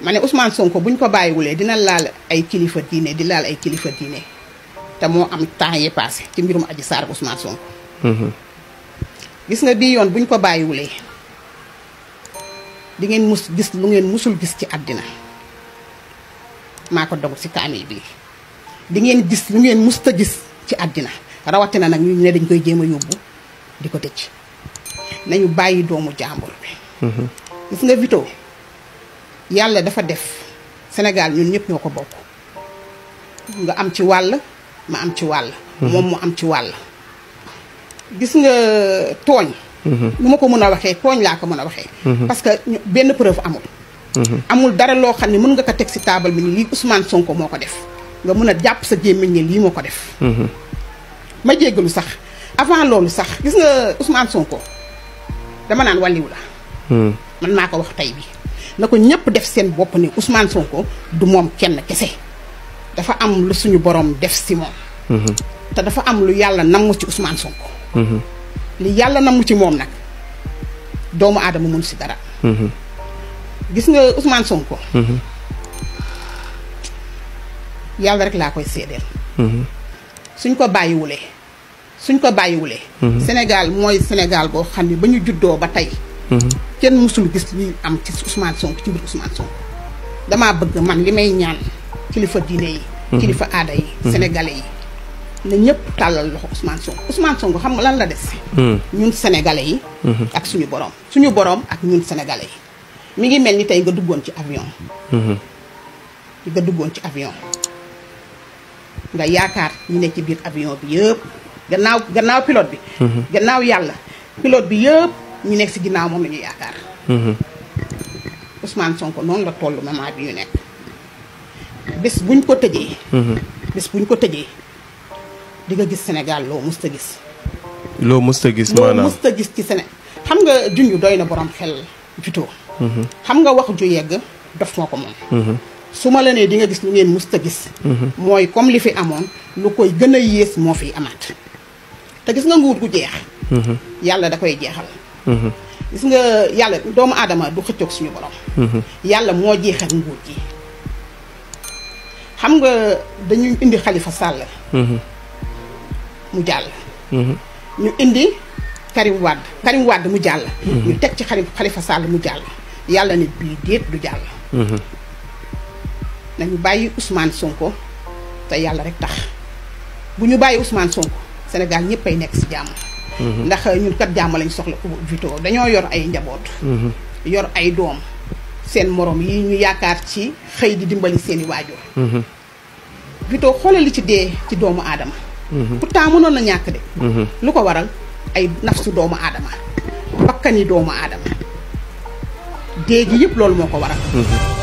ma ne Ousmane Sonko buñ ko bàyyiwulee dina laal ay kilifa diine di laal ay kilifa diine te moo am temps yi passé ci mbirum Adji Sarr ak Ousmane Sonko. Mhm. gis nga bii yoon buñ ko bàyyiwulee di ngeen mus lu ngeen musul gis ci àddina maa ko dogu ci di ngeen gis lu ngeen gis ci àddina rawatina nag ñu ne dañ koy jéem a yóbbu di ko tëj nañu bàyyi doomu jàmbur bi. Mhm. gis nga Vito. yàlla dafa def Sénégal ñun ñëpp ñoo ko bokk nga am ci wàll ma am ci wàll mhm. moom mu am ci wàll gis nga tooñ mhm. nu ma ko mën a waxee tooñ laa ko mën a waxee mhm. parce que benn preuve amul amul dara loo xam ne mën nga ko teg si taabal bi ni lii Ousmane Sonko moo ko def nga mën a jàpp sa gémmiñ ne lii moo ko def ma jéggalu sax avant loolu sax gis nga Ousmane Sonko dama naan wàlliw la man maa ko wax tey bi na ko ñëpp def seen bopp ni usmaan Sonko du moom kenn kese dafa am lu suñu boroom def si moom. Mhm. te dafa am lu yàlla namm ci usmaan Sonko. Mhm. li yàlla namm ci moom nag doomu aadama mënu ci dara. Mhm. gis nga usmaan Sonko. yàlla rek laa koy seedeel. suñ ko bàyyiwulee suñ ko bàyyiwulee. Sénégal mooy Sénégal boo xam ne ba ñu juddoo ba tey. kenn musul gis li am ci Ousmane Sonko ci mbir Ousmane Sonko dama bëgg man li may ñaan kilifa diine yi mhm. kilifa aada yi mhm. sénégalais yi na ñëpp tàllal loxo Ousmane Sonko Ousmane Sonko xam nga lan la des mhm. ñun sénégalais yi ak suñu borom suñu borom ak ñun sénégalais yi mi ngi mel ni nga duggoon ci avion nga duggoon ci avion nga yaakaar ñi ne ci biir avion bi yëpp gannaaw gannaaw pilote bi gannaaw yàlla pilote bi yëpp ñu nekk si ginnaaw moom la ñu yaakaar. Mhm. Ousmane Sonko noonu la toll moment bi ñu nekk. bés buñ ko tëjee. Mhm. bés buñ ko tëjee di nga gis Sénégal loo mës gis. loo mës gis maanaam gis ci Sénégal xam nga junj doy na borom xel jutoo. Mhm. xam nga wax ju yegg daf moo ko moom. su ma la nee di nga gis lu ngeen mës ta gis. mooy comme li fi amoon lu koy gën a yées moo fi amaat. te gis nga nguur gu jeex. yàlla da koy jeexal. gis nga yàlla doomu aadama du xëccoog suñu borom. Mhm. yàlla moo jeexal nguur gi. xam nga dañuy indi Khalifa Sall. Mhm. mu jàll. Mhm. ñu indi Karim Wade Karim mu jàll. ñu teg ci Khalifa Sall mu jàll. yàlla ne bii déet du jàll. nañu bàyyi usmaan Sonko te yàlla rek tax bu ñu bàyyi Ousmane Sonko Sénégal ñëppay nekk si jàmm. ndax ñun kat jàmm lañ soxla vitoo dañoo yor ay njaboot mhm. yor ay doom seen moroom yi ñu yaakaar ci xëy di dimbali seeni i waajur mhm. vitoo xoolal li ci dee ci doomu aadama mhm. pourtant mënoon na ñàkk de lu ko waral ay nafsu doomu aadama bakkani doomu aadama dee gi yëpp loolu moo ko waral